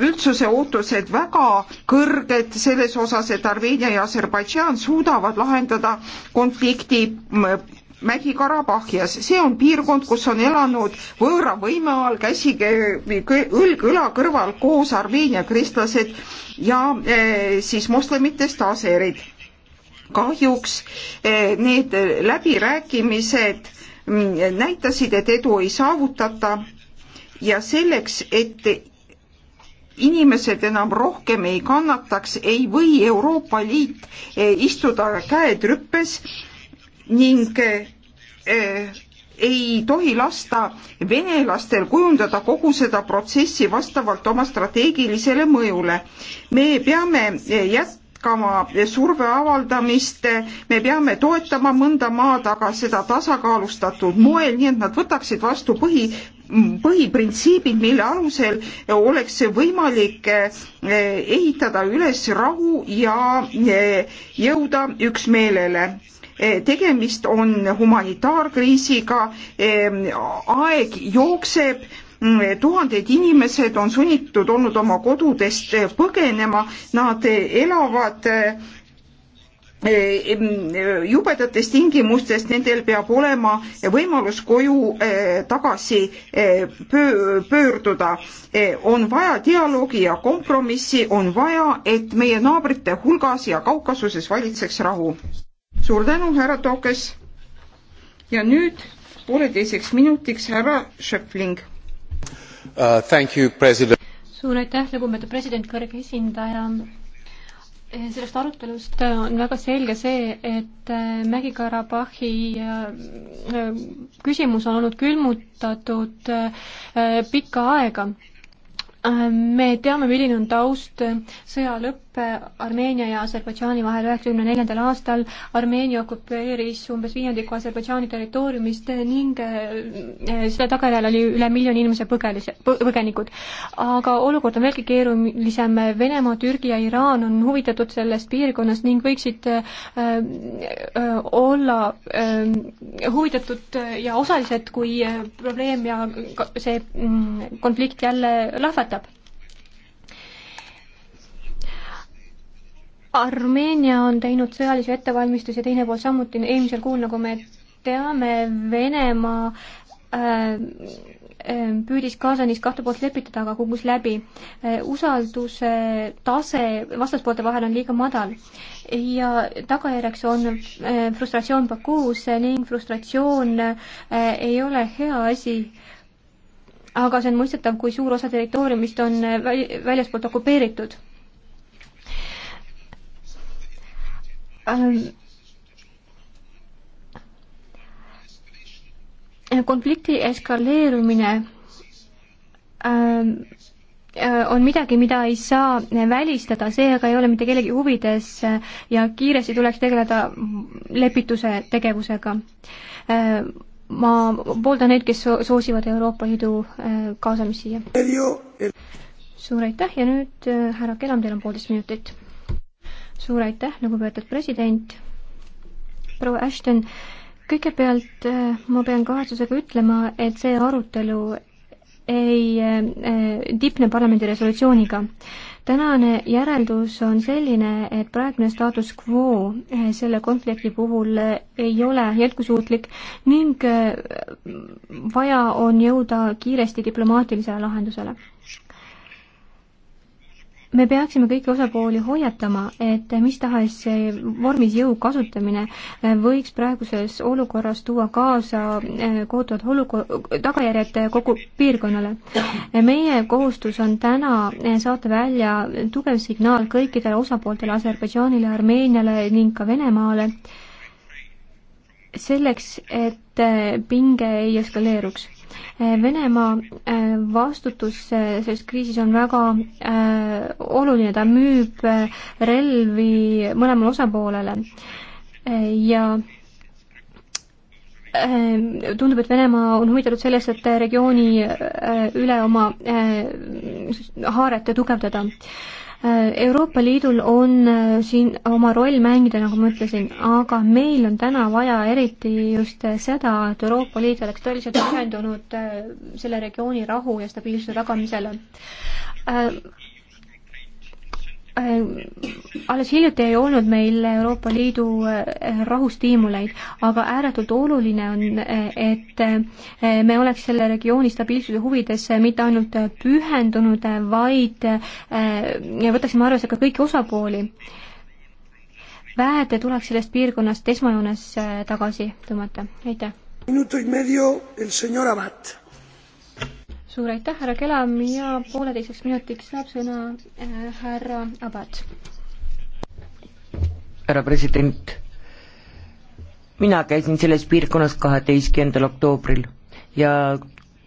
üldsuse ootused väga kõrged selles osas, et Armeenia ja Aserbaidžaan suudavad lahendada konflikti mm, Mägi-Karabahhias, see on piirkond, kus on elanud võõra võime all käsi õlg õla kõrval koos Armeenia kristlased ja siis moslemitest aserid kahjuks eh, need läbirääkimised mm, näitasid, et edu ei saavutata ja selleks, et inimesed enam rohkem ei kannataks, ei või Euroopa Liit eh, istuda käed rüppes ning eh, ei tohi lasta venelastel kujundada kogu seda protsessi vastavalt oma strateegilisele mõjule. me peame jät-, jätkama surve avaldamist, me peame toetama mõnda maad, aga seda tasakaalustatud moel, nii et nad võtaksid vastu põhi, põhiprintsiibid, mille alusel oleks võimalik eh, ehitada üles rahu ja eh, jõuda üksmeelele eh, tegemist on humanitaarkriisiga, aeg jookseb Mm, eh, tuhanded inimesed on sunnitud olnud oma kodudest eh, põgenema, nad eh, elavad mm, jubedates tingimustes, nendel peab olema võimalus koju tagasi pöörduda. on vaja dialoogi ja kompromissi, on vaja, et meie naabrite hulgas ja Kaukasuses valitseks rahu. suur tänu, härra Tokes. ja nüüd pooleteiseks minutiks härra Schöpfling uh,. suur aitäh, lugupeetud president, kõrge esindaja sellest arutelust on väga selge see, et äh, Mägi-Karabahhi äh, äh, küsimus on olnud külmutatud pikka aega. me teame, milline on taust sõja lõpp leppe Armeenia ja Aserbaidžaani vahel üheksakümne neljandal aastal. Armeenia okupeeris umbes viiendiku Aserbaidžaani territooriumist ning eh, eh, selle tagajärjel oli üle miljoni inimese põgelis-, põgenikud. aga olukord on veelgi keerulisem, Venemaa, Türgi ja Iraan on huvitatud sellest piirkonnast ning võiksid äh, äh, olla äh, huvitatud ja osalised, kui probleem ja see mm, konflikt jälle lahvatab Armeenia on teinud sõjalisi ettevalmistusi ja teine pool samuti eelmisel kuul, nagu me teame, Venemaa äh, äh püüdis Gazanis kahte poolt lepitada, aga kukkus läbi. Äh, usalduse tase vastaspoolte vahel on liiga madal ja tagajärjeks on äh, frustratsioon Bakuus ning frustratsioon ei ole hea asi aga see on mõistetav, kui suur osa territooriumist on väljastpoolt okupeeritud Äh, konflikti eskaleerumine äh, on midagi, mida ei saa välistada, see aga ei ole mitte kellegi huvides äh, ja kiiresti tuleks tegeleda lepituse tegevusega. ma pooldan neid, kes soosivad Euroopa Liidu kaasamist siia. suur aitäh ja nüüd härra Kelam, teil on poolteist minutit suur aitäh, lugupeetud president, proua Ashton, kõigepealt äh, ma pean kahetsusega ütlema, et see arutelu ei äh, tipne parlamendi resolutsiooniga. tänane järeldus on selline, et praegune status quo äh, selle konflikti puhul äh, ei ole jätkusuutlik ning äh, vaja on jõuda kiiresti diplomaatilisele lahendusele me peaksime kõiki osapooli hoiatama, et mis tahes vormis jõu kasutamine äh, võiks praeguses olukorras tuua kaasa äh, kohutavad olukor-, tagajärjed äh, kogu piirkonnale. meie kohustus on täna saata välja tugev signaal kõikidele osapooltele, Aserbaidžaanile, Armeeniale ning ka Venemaale, selleks, et pinge ei eskaleeruks Venemaa äh, vastutus äh, selles kriisis on väga äh, oluline, ta müüb relvi mõlemale osapoolele ja tundub, et Venemaa on huvitatud sellest, et regiooni üle oma haaret tugevdada Äh, Euroopa Liidul on äh, siin oma roll mängida, nagu ma ütlesin, aga meil on täna vaja eriti just äh, seda, et Euroopa Liit oleks tõeliselt pühendunud selle regiooni rahu ja stabiilsuse tagamisele Äh, alles hiljuti ei olnud meil Euroopa Liidu äh, rahustiimuleid, aga ääretult oluline on, äh, et me oleks selle regiooni stabiilsuse huvides mitte ainult pühendunud, vaid võtaksime arvesse ka kõiki osapooli. väed tuleks sellest piirkonnast esmajoones tagasi tõmmata, aitäh. minuto y e medio el señor Abat suur aitäh, härra Kelam ja pooleteiseks minutiks saab sõna äh, härra Abad. härra president, mina käisin selles piirkonnas kaheteistkümnendal oktoobril ja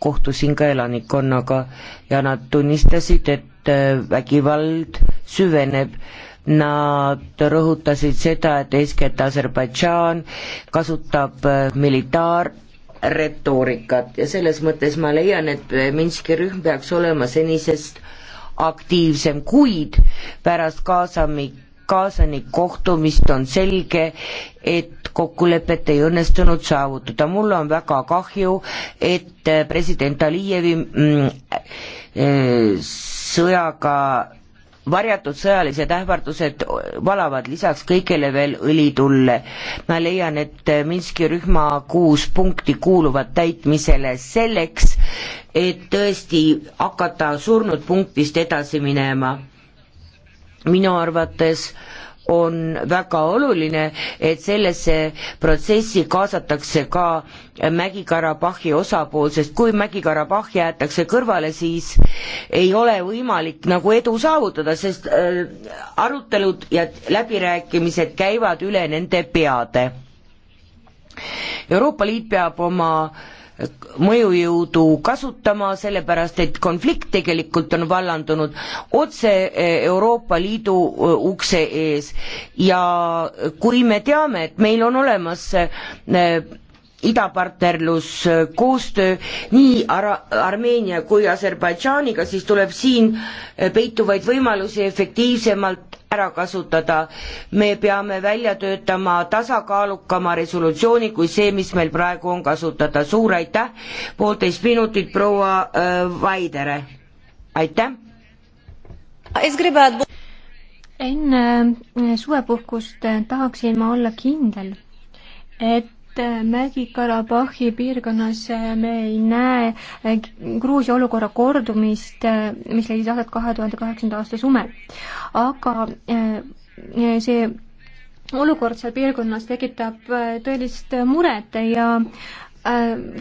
kohtusin ka elanikkonnaga ja nad tunnistasid, et äh, vägivald süveneb. Nad rõhutasid seda, et eeskätt Aserbaidžaan kasutab äh, militaar- retoorikat ja selles mõttes ma leian, et Minski rühm peaks olema senisest aktiivsem, kuid pärast kaasami, kaasani kohtumist on selge, et kokkulepet ei õnnestunud saavutada. mul on väga kahju, et president Alijevi mm, äh, sõjaga varjatud sõjalised ähvardused valavad lisaks kõigele veel õlitulle. ma leian, et Minski rühma kuus punkti kuuluvad täitmisele selleks, et tõesti hakata surnud punktist edasi minema. minu arvates on väga oluline, et sellesse protsessi kaasatakse ka Mägi-Karabahhi osapool, sest kui Mägi-Karabahh jäetakse kõrvale, siis ei ole võimalik nagu edu saavutada, sest äh, arutelud ja läbirääkimised käivad üle nende peade. Euroopa Liit peab oma äh, mõjujõudu kasutama, sellepärast et konflikt tegelikult on vallandunud otse e, Euroopa Liidu e, ukse ees ja kui me teame, et meil on olemas e, idapartnerlus, koostöö nii Ara-, Armeenia kui Aserbaidžaaniga, siis tuleb siin peituvaid võimalusi efektiivsemalt ära kasutada. me peame välja töötama tasakaalukama resolutsiooni kui see, mis meil praegu on kasutada. suur aitäh, poolteist minutit, proua äh, Vaidere. aitäh. enne suvepuhkust tahaksin ma olla kindel, et et Mägi-Karabahhi piirkonnas me ei näe äh, Gruusia olukorra kordumist, äh, mis leidis aset kahe tuhande kaheksanda aasta suvel. aga äh, see olukord seal piirkonnas tekitab tõelist muret ja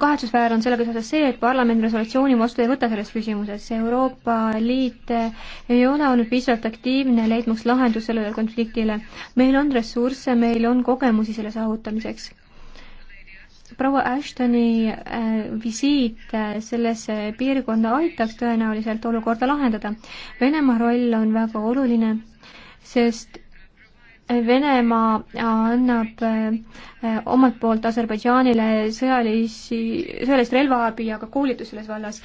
kahetsusväär on sellega seoses see, et parlament resolutsiooni vastu ei võta selles küsimuses. Euroopa Liit ei ole olnud piisavalt aktiivne leidmaks lahendust sellele konfliktile. meil on ressursse, meil on kogemusi selle saavutamiseks proua Ashtoni äh, visiit äh, sellesse piirkonda aitaks tõenäoliselt olukorda lahendada. Venemaa roll on väga oluline, sest Venemaa annab äh, omalt poolt Aserbaidžaanile sõjalisi, sõjalist relvaabi ja ka koolitus selles vallas.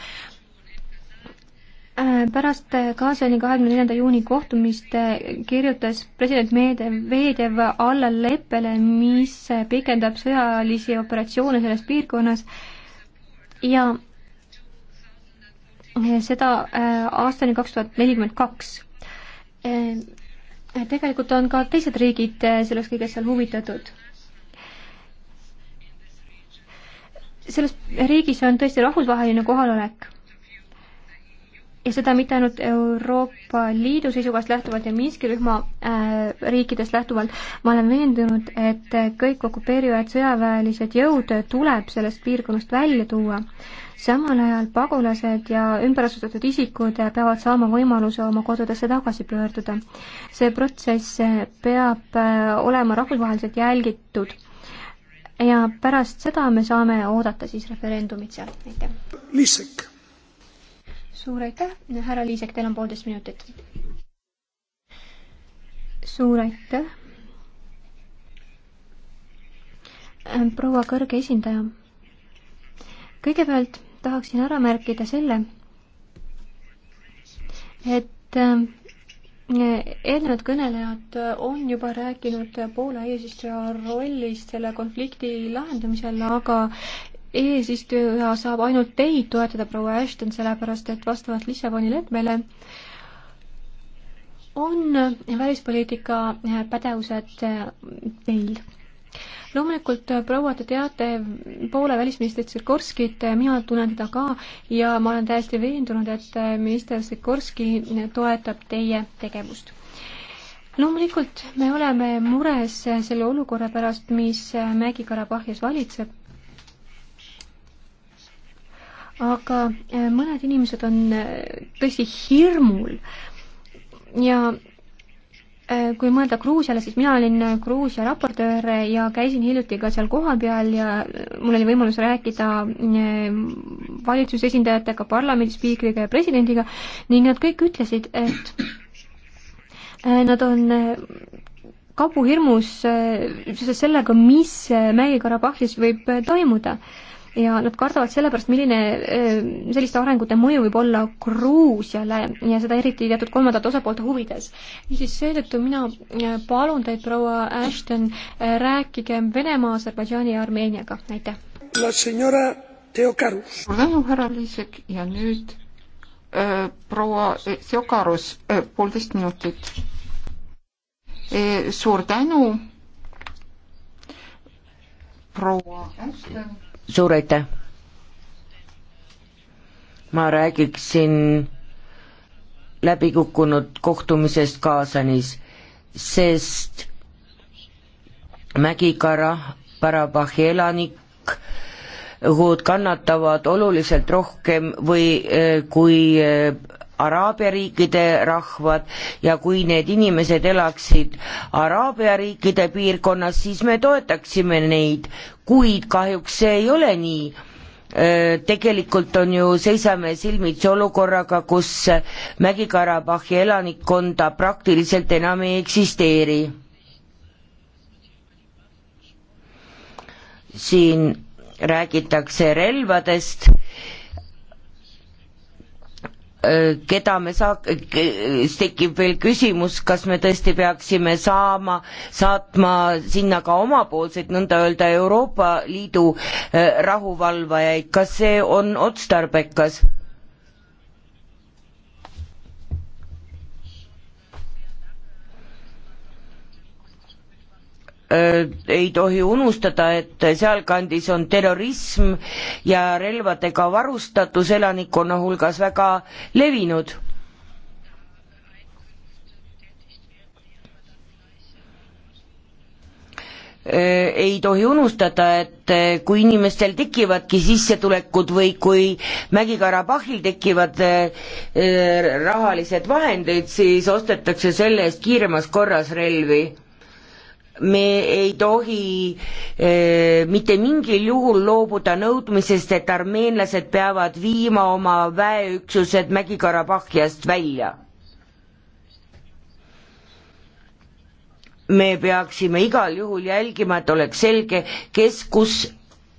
Äh, pärast äh, Kaasani kahekümne neljanda juuni kohtumist äh, kirjutas president Medvedev alla leppele, mis pikendab sõjalisi operatsioone selles piirkonnas ja seda aastani kaks tuhat nelikümmend kaks. tegelikult on ka teised riigid sellest kõigest seal huvitatud selles riigis on tõesti rahvusvaheline kohalolek ja seda mitte ainult Euroopa Liidu seisukohast lähtuvalt ja Minski rühma äh, riikidest lähtuvalt, ma olen veendunud, et kõik okupeerivad sõjaväelised jõud tuleb sellest piirkonnast välja tuua. samal ajal pagulased ja ümberasustatud isikud peavad saama võimaluse oma kodudesse tagasi pöörduda. see protsess peab äh, olema rahvusvaheliselt jälgitud ja pärast seda me saame oodata siis referendumit seal, aitäh. Lissek suur aitäh, härra Liisek, teil on poolteist minutit. suur aitäh. Ähm, proua kõrge esindaja. kõigepealt tahaksin ära märkida selle, et ähm, eelnevad kõnelejad on juba rääkinud Poola eesistuja rollist selle konflikti lahendamisel, aga eesistuja saab ainult teid toetada, proua Ashton, sellepärast et vastavalt Lissaboni leppele on välispoliitika pädevused teil loomulikult proua, te teate Poola välisministrit Sikorskit, mina tunnen teda ka ja ma olen täiesti veendunud, et minister Sikorski toetab teie tegevust. loomulikult me oleme mures selle olukorra pärast, mis Mägi-Karabahhis valitseb aga äh, mõned inimesed on äh, tõesti hirmul ja äh, kui mõelda Gruusiale, siis mina olin Gruusia raportöör ja käisin hiljuti ka seal kohapeal ja mul oli võimalus rääkida valitsuse esindajatega, parlamendi spiikriga ja presidendiga ning nad kõik ütlesid, et nad on kabuhirmus seoses sellega, mis Mägi-Karabahhis võib toimuda ja nad kardavad sellepärast, milline äh, selliste arengute mõju võib olla Gruusiale ja seda eriti teatud kolmandate osapoolte huvides. niisiis, seetõttu mina äh, palun teid, proua Ashton, äh, rääkige Venemaa, Aserbaidžaani ja Armeeniaga, aitäh. suur tänu, härra Liisek ja nüüd äh, proua Seokarus äh,, poolteist minutit e,. suur tänu, proua Ashton suur aitäh! ma räägiksin läbikukkunud kohtumisest Kaasanis, sest Mägi-Karah-, Karabahhi elanik kannatavad oluliselt rohkem või eh, kui eh, araabia riikide rahvad ja kui need inimesed elaksid araabia riikide piirkonnas, siis me toetaksime neid, kuid kahjuks see ei ole nii tegelikult on ju, seisame silmitsi olukorraga, kus Mägi-Karabahhi elanikkonda praktiliselt enam ei eksisteeri. siin räägitakse relvadest keda me saa-, siis tekib veel küsimus, kas me tõesti peaksime saama, saatma sinna ka omapoolseid nõnda öelda Euroopa Liidu eh, rahuvalvajaid, kas see on otstarbekas? ei tohi unustada, et sealkandis on terrorism ja relvadega varustatus elanikkonna hulgas väga levinud. ei tohi unustada, et kui inimestel tekivadki sissetulekud või kui Mägi-Karabahhil tekivad rahalised vahendid, siis ostetakse selle eest kiiremas korras relvi me ei tohi eh, mitte mingil juhul loobuda nõudmisest, et armeenlased peavad viima oma väeüksused Mägi-Karabahhiast välja. me peaksime igal juhul jälgima, et oleks selge, kes kus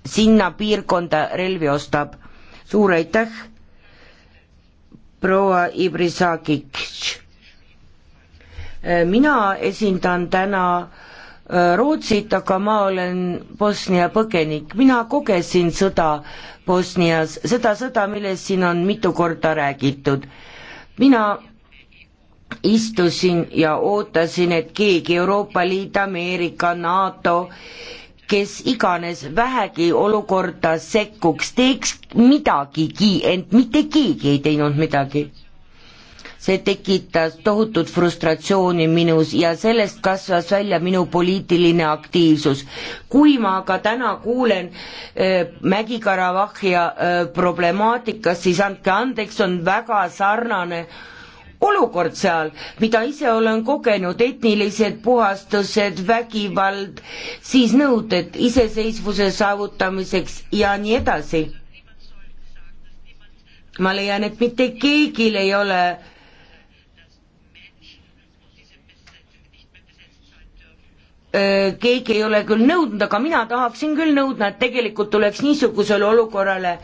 sinna piirkonda relvi ostab. suur aitäh, proua Ibrisakitš. Eh, mina esindan täna Rootsit, aga ma olen Bosnia põgenik, mina kogesin sõda Bosnias, seda sõda, millest siin on mitu korda räägitud. mina istusin ja ootasin, et keegi Euroopa Liit, Ameerika, NATO, kes iganes vähegi olukorda sekkuks, teeks midagigi, ent mitte keegi ei teinud midagi see tekitas tohutut frustratsiooni minus ja sellest kasvas välja minu poliitiline aktiivsus. kui ma aga täna kuulen äh, Mägi-Karabahhia äh, problemaatikast, siis andke andeks, on väga sarnane olukord seal, mida ise olen kogenud, etnilised puhastused, vägivald, siis nõuded iseseisvuse saavutamiseks ja nii edasi. ma leian, et mitte keegil ei ole keegi ei ole küll nõudnud, aga mina tahaksin küll nõudma, et tegelikult tuleks niisugusele olukorrale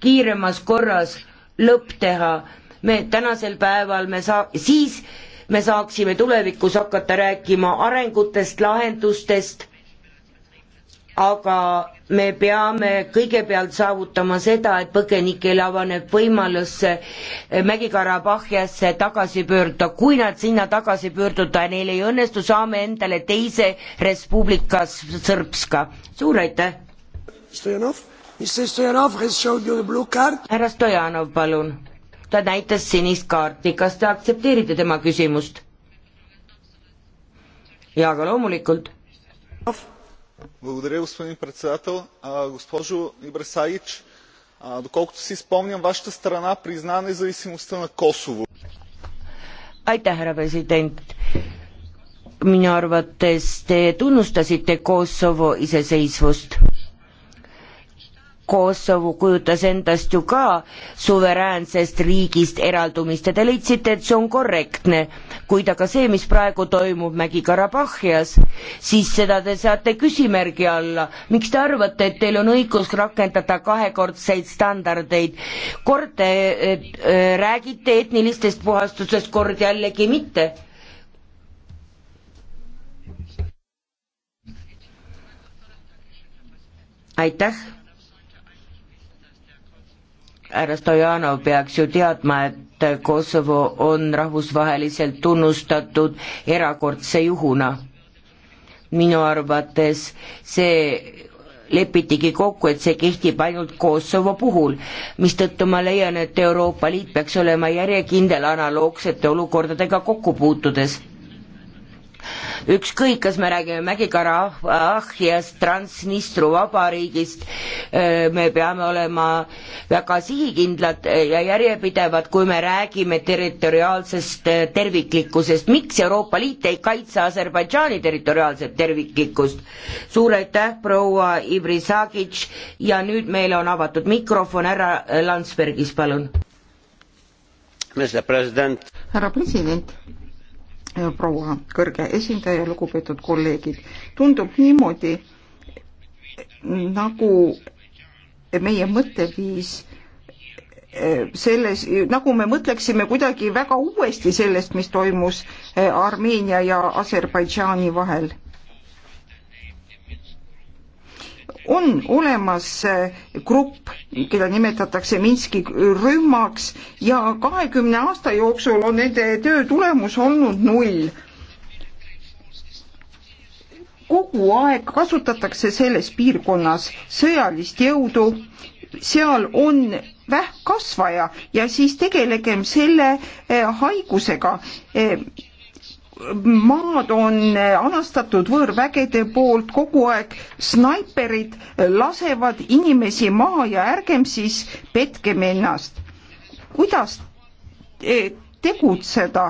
kiiremas korras lõpp teha. me tänasel päeval me saa-, siis me saaksime tulevikus hakata rääkima arengutest, lahendustest, aga me peame kõigepealt saavutama seda, et põgenikel avaneb võimalus eh, Mägi-Karabahhiasse tagasi pöörduda, kui nad sinna tagasi pöörduda ja neil ei õnnestu, saame endale teise Res Publica Srpska. suur aitäh! härra Stojanov, palun. ta näitas sinist kaarti, kas te aktsepteerite tema küsimust? jaa, aga loomulikult. Благодаря, господин председател. Госпожо Ибрасаич, доколкото си спомням, вашата страна призна независимостта на Косово. aitäh, härra president. minu arvates te tunnustasite Kosovo iseseisvust Kosovo kujutas endast ju ka suveräänsest riigist eraldumist ja te leidsite, et see on korrektne. kuid aga see, mis praegu toimub Mägi-Karabahhias, siis seda te saate küsimärgi alla. miks te arvate, et teil on õigus rakendada kahekordseid standardeid? kord te et, et, äh, räägite etnilistest puhastusest, kord jällegi mitte aitäh härra Stojanov peaks ju teadma, et Kosovo on rahvusvaheliselt tunnustatud erakordse juhuna. minu arvates see lepitigi kokku, et see kehtib ainult Kosovo puhul, mistõttu ma leian, et Euroopa Liit peaks olema järjekindel analoogsete olukordadega kokku puutudes ükskõik, kas me räägime Mägi-Karabahhiast, Transnistru vabariigist, me peame olema väga sihikindlad ja järjepidevad, kui me räägime territoriaalsest terviklikkusest. miks Euroopa Liit ei kaitse Aserbaidžaani territoriaalset terviklikkust? suur aitäh, proua Ivri Sagic ja nüüd meile on avatud mikrofon, härra Landsbergis, palun härra president Äh, proua kõrge esindaja, lugupeetud kolleegid. tundub niimoodi, nagu meie mõtteviis äh, selles, nagu me mõtleksime kuidagi väga uuesti sellest, mis toimus äh, Armeenia ja Aserbaidžaani vahel on olemas eh, grupp, keda nimetatakse Minski rühmaks ja kahekümne aasta jooksul on nende töö tulemus olnud null. kogu aeg kasutatakse selles piirkonnas sõjalist jõudu, seal on vähkkasvaja ja siis tegelegem selle eh, haigusega eh, maad on anastatud võõrvägede poolt, kogu aeg snaiperid lasevad inimesi maha ja ärgem siis petkem ennast. kuidas tegutseda?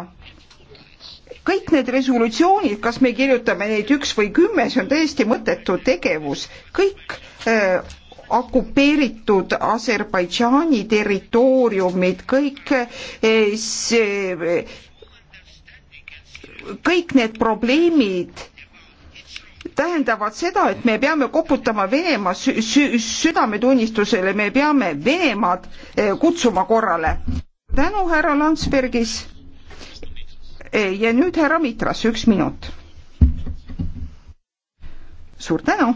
kõik need resolutsioonid, kas me kirjutame neid üks või kümme, see on täiesti mõttetu tegevus, kõik äh, okupeeritud Aserbaidžaani territooriumid, kõik äh, see kõik need probleemid tähendavad seda, et me peame koputama Venemaa sü sü südametunnistusele, me peame Venemaad eh, kutsuma korrale. tänu, härra Landsbergis. Eh, ja nüüd härra Mitras, üks minut. suur tänu.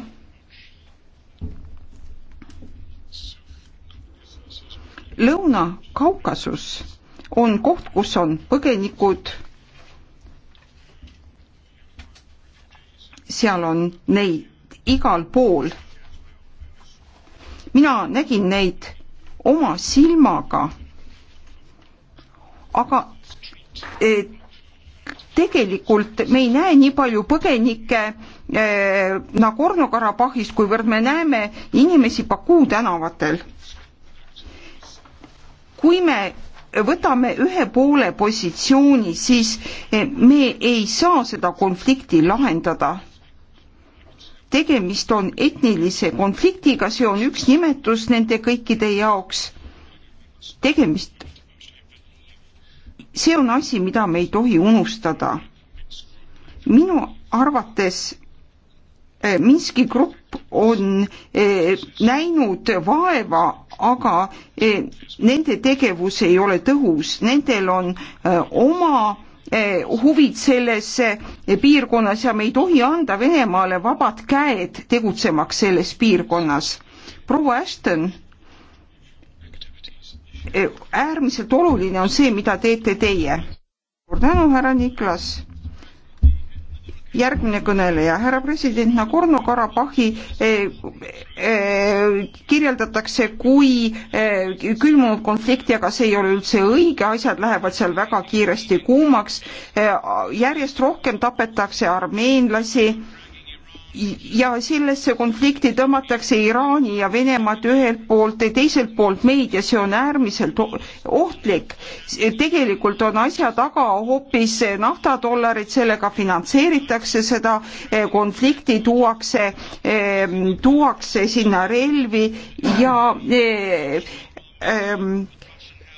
Lõuna-Kaukasus on koht, kus on põgenikud seal on neid igal pool. mina nägin neid oma silmaga, aga e, tegelikult me ei näe nii palju põgenikke e, Nagorno-Karabahhis, kuivõrd me näeme inimesi Bakuu tänavatel. kui me võtame ühe poole positsiooni, siis e, me ei saa seda konflikti lahendada tegemist on etnilise konfliktiga, see on üks nimetus nende kõikide jaoks. tegemist, see on asi, mida me ei tohi unustada. minu arvates eh, Minski grupp on eh, näinud vaeva, aga eh, nende tegevus ei ole tõhus, nendel on oma Eh, huvid selles eh, piirkonnas ja me ei tohi anda Venemaale vabad käed tegutsemaks selles piirkonnas. proua Ashton, eh, äärmiselt oluline on see, mida teete teie. suur tänu, härra Niklas järgmine kõneleja, härra president Nagorno-Karabahhi eh, eh, kirjeldatakse kui eh, külmunud konflikti, aga see ei ole üldse õige, asjad lähevad seal väga kiiresti kuumaks, eh, järjest rohkem tapetakse armeenlasi ja sellesse konflikti tõmmatakse Iraani ja Venemaad ühelt poolt ja teiselt poolt meid ja see on äärmiselt ohtlik. tegelikult on asja taga hoopis naftadollarid, sellega finantseeritakse seda eh, konflikti, tuuakse, eh, tuuakse sinna relvi ja ähm,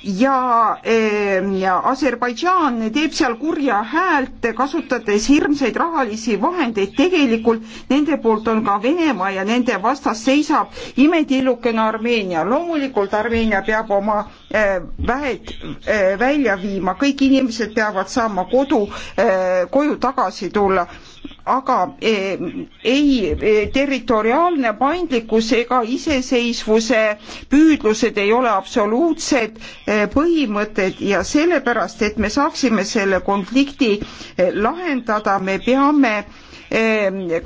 ja, ehm, ja Aserbaidžaan teeb seal kurja häält, kasutades hirmsaid rahalisi vahendeid, tegelikult nende poolt on ka Venemaa ja nende vastas seisab imetillukene Armeenia. loomulikult Armeenia peab oma äh, väed äh, välja viima, kõik inimesed peavad saama kodu äh,, koju tagasi tulla aga e, ei e, territoriaalne paindlikkus ega iseseisvuse püüdlused ei ole absoluutsed e, põhimõtted ja sellepärast, et me saaksime selle konflikti lahendada, me peame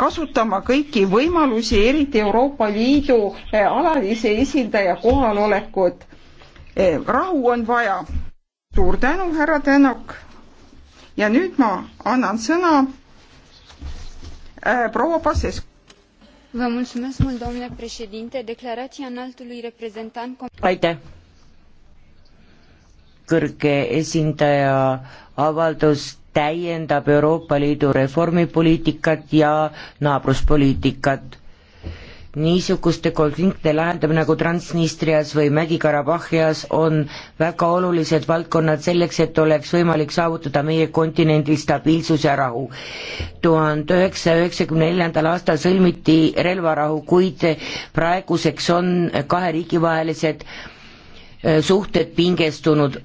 kasutama kõiki võimalusi, eriti Euroopa Liidu alalise esindaja kohalolekut. rahu on vaja. suur tänu, härra Tänak. ja nüüd ma annan sõna Eh, proua Pasescu. declarația înaltului reprezentant aitäh! kõrge esindaja avaldus täiendab Euroopa Liidu reformipoliitikat ja naabruspoliitikat niisuguste konfliktide lahendamine nagu Transnistrias või Mägi-Karabahhias on väga olulised valdkonnad selleks, et oleks võimalik saavutada meie kontinendil stabiilsus ja rahu. tuhande üheksasaja üheksakümne neljandal aastal sõlmiti relvarahu, kuid praeguseks on kahe riigi vahelised äh, suhted pingestunud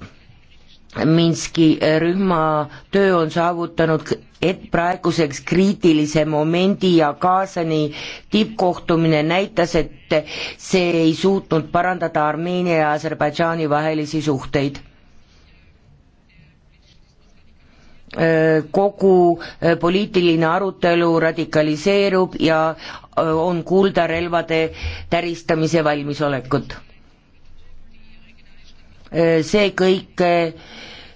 Minski rühma töö on saavutanud et praeguseks kriitilise momendi ja Kaasani tippkohtumine näitas, et see ei suutnud parandada Armeenia ja Aserbaidžaani vahelisi suhteid. kogu poliitiline arutelu radikaliseerub ja on kuulda relvade täristamise valmisolekut Äh, see kõik äh,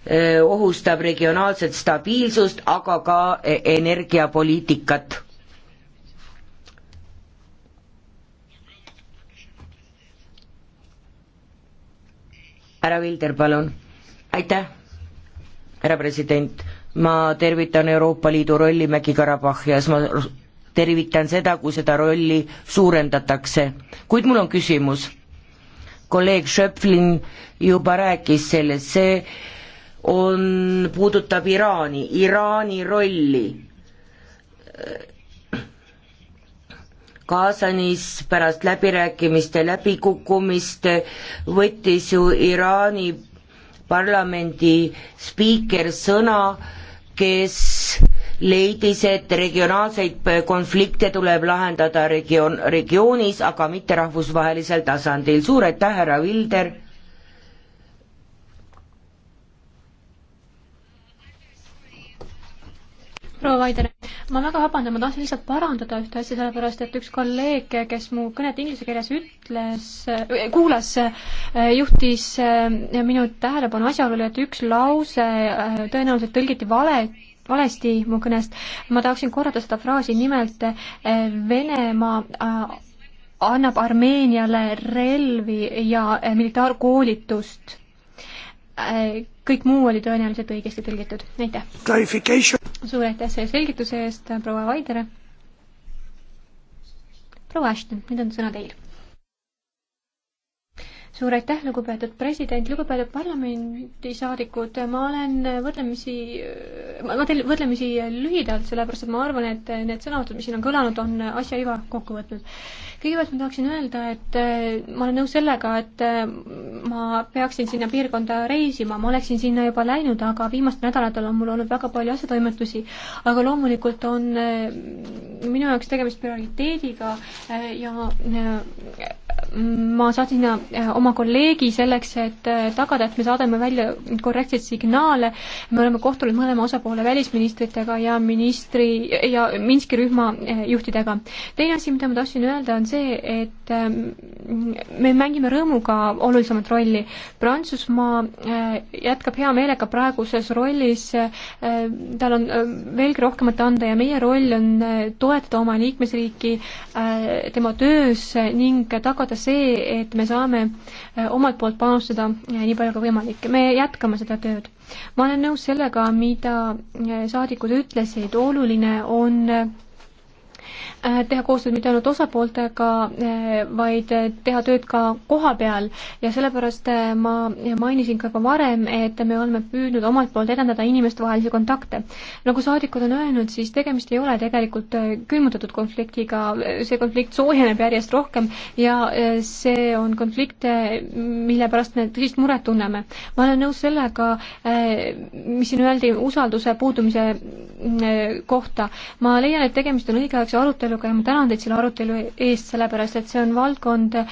äh, ohustab regionaalset stabiilsust, aga ka energiapoliitikat. härra Vilder, palun. aitäh, härra president. ma tervitan Euroopa Liidu rolli Mägi-Karabahhias, ma tervitan seda, kui seda rolli suurendatakse. kuid mul on küsimus kolleeg Schöpflin juba rääkis sellest, see on, puudutab Iraani, Iraani rolli. Kaasanis pärast läbirääkimiste läbikukkumist võttis ju Iraani parlamendi spiiker sõna, kes leidis, et regionaalseid konflikte tuleb lahendada regioon, regioonis, aga mitte rahvusvahelisel tasandil. suur aitäh, härra Vilder! proua Vaider, ma väga vabandan, ma tahtsin lihtsalt parandada ühte asja, sellepärast et üks kolleeg, kes mu kõnet inglise keeles ütles, äh, kuulas, äh, juhtis äh, minu tähelepanu asjaolule, et üks lause tõenäoliselt tõlgiti valet valesti mu kõnest. ma tahaksin korrata seda fraasi, nimelt eh, Venemaa eh, annab Armeeniale relvi ja eh, militaarkoolitust. kõik muu oli tõenäoliselt õigesti tõlgitud, aitäh. suur aitäh selle selgituse eest, proua Vaidere. proua Ashton, nüüd on sõna teil suur aitäh, lugupeetud president, lugupeetud parlamendisaadikud, ma olen võrdlemisi, ma teen võrdlemisi lühidalt, sellepärast et ma arvan, et need sõnavõtud, mis siin on kõlanud, on asja iva kokku võtnud kõigepealt ma tahaksin öelda, et äh, ma olen nõus sellega, et äh, ma peaksin sinna piirkonda reisima, ma oleksin sinna juba läinud, aga viimastel nädalatel on mul olnud väga palju asjatoimetusi, aga loomulikult on äh, minu jaoks tegemist prioriteediga ja ma saatsin oma kolleegi selleks, et tagada, et me saadame välja korrektseid signaale, me oleme kohtunud mõlema osapoole välisministritega ja ministri ja Minski rühma juhtidega. teine asi, mida ma tahtsin öelda, on see, et ähm, me mängime rõõmuga olulisemat rolli. Prantsusmaa äh, jätkab hea meelega praeguses rollis, äh, tal on äh, veelgi rohkemat anda ja meie roll on toetada oma liikmesriiki tema töös ning tagada see, et me saame omalt poolt panustada nii palju kui võimalik. me jätkame seda tööd. ma olen nõus sellega, mida saadikud ütlesid, oluline on Äh, teha koostööd mitte ainult osapooltega, äh, vaid äh, teha tööd ka kohapeal ja sellepärast ma mainisin ka juba varem, et me oleme püüdnud omalt poolt edendada inimestevahelisi kontakte. nagu saadikud on öelnud, siis tegemist ei ole tegelikult külmutatud konfliktiga, see konflikt soojeneb järjest rohkem ja see on konflikt, mille pärast me tõsist muret tunneme. ma olen nõus sellega, mis siin öeldi usalduse puudumise mm, kohta. ma leian, et tegemist on õigeaegse arutelu aruteluga ja ma tänan teid selle arutelu eest, sellepärast et see on valdkond, eh,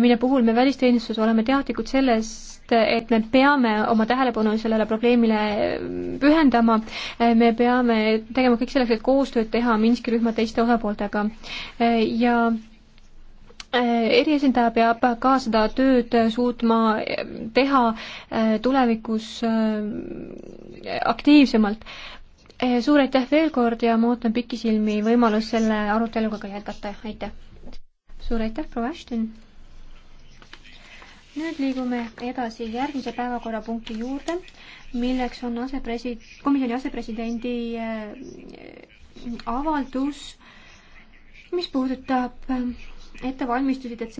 mille puhul me välisteenistuses oleme teadlikud sellest, et me peame oma tähelepanu sellele probleemile eh, pühendama, eh, me peame tegema kõik selleks, et koostööd teha Minski rühma teiste osapooltega ja eriesindaja peab ka seda tööd suutma teha tulevikus aktiivsemalt. Eh, suur aitäh veel kord ja ma ootan pikisilmi võimalust selle aruteluga ka jätkata, aitäh. suur aitäh, proua Ashton. nüüd liigume edasi järgmise päevakorrapunkti juurde, milleks on asepresi-, komisjoni asepresidendi eh, avaldus, mis puudutab eh, ettevalmistusi detsembris.